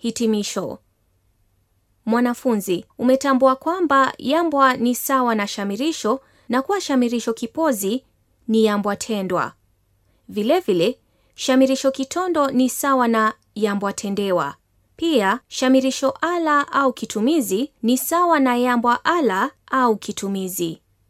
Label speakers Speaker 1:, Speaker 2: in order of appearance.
Speaker 1: Hitimisho. Mwanafunzi, umetambua kwamba yambwa ni sawa na shamirisho na kuwa shamirisho kipozi ni yambwa tendwa. Vilevile vile, shamirisho kitondo ni sawa na yambwa tendewa. Pia shamirisho ala au kitumizi ni sawa na yambwa ala au
Speaker 2: kitumizi.